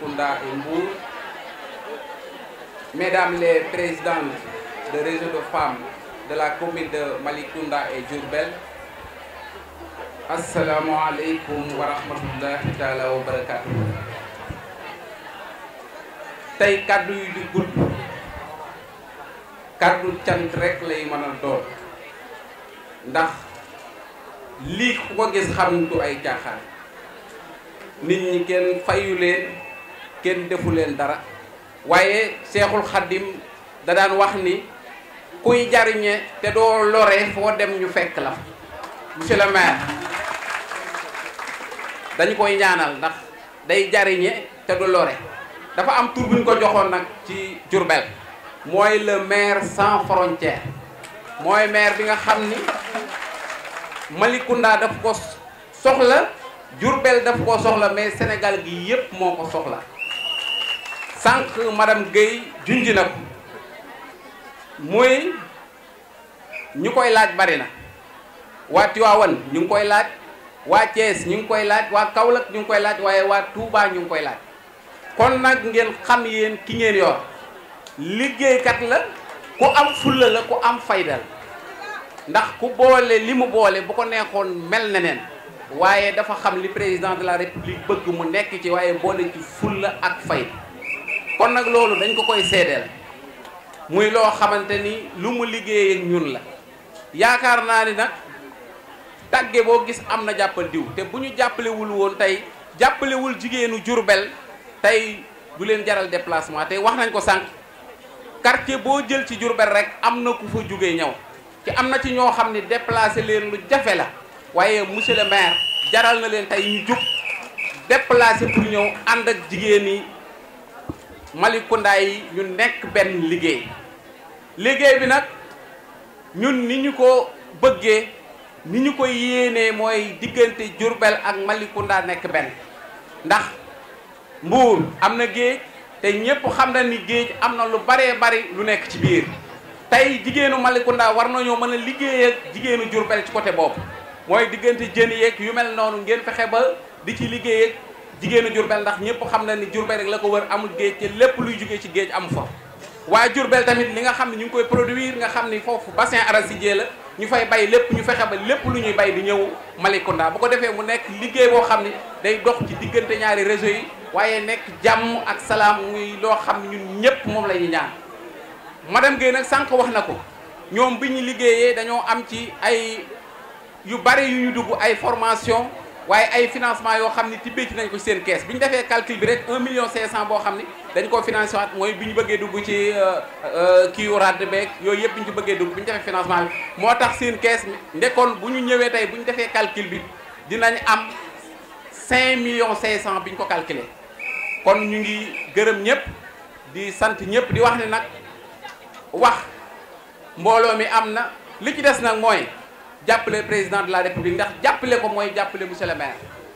Tambacounda et Mbour, mesdames les présidentes de réseau de tey kaddu yu di gudd kaddu cant rek lay mëna a doon ndax lii ku ko gis xamtu ay caaxaan nit ñi kenn fayu kenn defu leen dara waaye seexul xaddim da daan wax ni kuy jariñe te doo lore foo dem ñu fekk la monsieur le maire dañu koy ñaanal ndax day jariñe te du lore dafa am tur ñu ko joxoon nag ci jurbel mooy le maire sans frontière mooy maire bi nga xam ni Malicounda daf ko soxla Diourbel daf ko soxla mais Sénégal gi yépp moo ko soxla sànq madame Guèye junj na ko muy ñu koy laaj bari na waa Tiwaawan ñu ngi koy laaj waa Thiès ñu ngi koy laaj waa kawlak ñu ngi koy laaj waaye waa Touba ñu ngi koy laaj kon nag ngeen xam yéen ki ngeen yor liggéeykat la ku am fulla la ku am fayda la ndax ku boole li mu boole bu ko neexoon mel na neen waaye dafa xam li président de la république bëgg mu nekk ci waaye boole ci fulla ak fayda kon nag loolu dañ ko koy seedeel muy loo xamante ni lu mu liggéey ñun la yaakaar naa ni nag tàgge boo gis am na jàppal diw te bu ñu jàppalewul woon tey jàppalewul jigéenu Jurbel tey du leen jaral déplacement te wax nañ ko sànq quartier boo jël ci Jurbel rek am na ku fa jógee ñëw ci am na ci ñoo xam ne déplacé leen lu jafe la waaye monsieur le maire jaral na leen tey ñu jug déplacé pour ñëw ànd ak jigéen yi Malicounda yi ñu nekk benn liggéey liggéey bi nag ñun ni ñu ko bëggee ni ñu ko yéenee mooy diggante Diourbel ak Malicounda nekk benn ndax Mbour am na géej te ñépp xam na ni géej am na lu baree bari lu nekk ci biir tey jigéenu Malicounda war nañoo mën a liggéey jigéenu Diourbel ci côté boobu mooy diggante jën yeeg yu mel noonu ngeen fexe ba di ci liggéey jigéenu Jurbel ndax ñëpp xam na ni Jurbel rek la ko wër amul géej te lépp luy jugee ci géej amu fa waaye Jurbel tamit li nga xam ne ñu ngi koy produire nga xam ni foofu bassin arachidier la ñu fay bay lépp ñu fexe ba lépp lu ñuy bay bi ñëw Malicounda bu ko defee mu nekk liggéey boo xam ni day dox ci diggante ñaari réseau yi waaye nekk jàmm ak salaam muy loo xam ne ñun ñëpp moom la ñuy ñaan dem Guèye nag sànq wax na ko ñoom bi ñu liggéeyee dañoo am ci ay yu bari yu ñu dugg ay formation waaye ay financement yoo xam ni tibbee ci nañ ko seen kees bi ñu defee calcul bi rek 1 million 500 boo xam ni dañ ko financé waat mooy bi ñu bëggee dugg ci euh, euh, kii yu radd beek yooyu yëpp bi ñu ci bëggee dugg bi ñu defee financement bi moo tax seen kees ndekoon bu ñu ñëwee tey bu ñu defee calcul bi dinañ am million millions cent bi ñu ko calculé kon ñu ngi gërëm ñëpp di sant ñëpp di wax ne nag wax mbooloo mi am na li ci des nag mooy jàppale président de la république ndax jàppale ko mooy jàppale monsieur le maire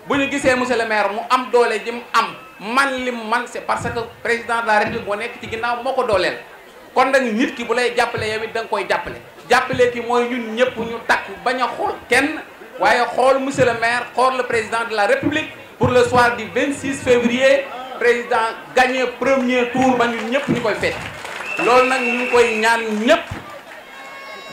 bu ñu gisee monsieur le maire mu am doole ji mu am man li man c'est parce que président de la république moo nekk ci ginnaaw moo ko dooleel kon nag ñit ki bu lay jàppale yow it da nga koy jàppale jàppale ki mooy ñun ñëpp ñu takk bañ a xool kenn waaye xool monsieur le maire xool le président de la république pour le soir du 26 février président gagné premier tour ba ñëpp ñu koy fête loolu ñu koy ñaan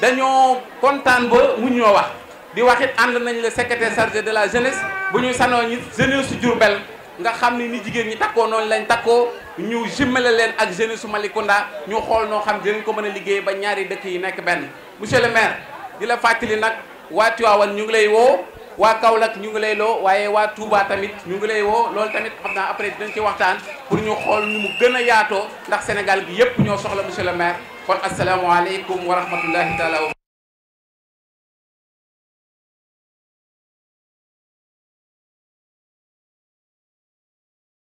dañoo kontaan ba mu ñoo wax di wax it ànd nañ le secrétaire chargé de la jeunesse bu ñu sanoo ñi jeunesse su Diourbel nga xam ni ni jigéen ñi takkoo noonu lañ takkoo ñu jëmmale leen ak jeunesse su Malicounda ñu xool noo xam dinañ ko mën a liggéey ba ñaari dëkk yi nekk benn monsieur le maire di la fàttali nag waa Tivaouane ñu ngi lay woo waa Kaolack ñu ngi lay loo waaye waa Touba tamit ñu ngi lay woo loolu tamit xam naa après dinañ ci waxtaan pour ñu xool mu gën a yaatoo ndax Sénégal gi yëpp ñoo soxla monsieur le maire kon asalaamaaleykum wa rahmatullahi taala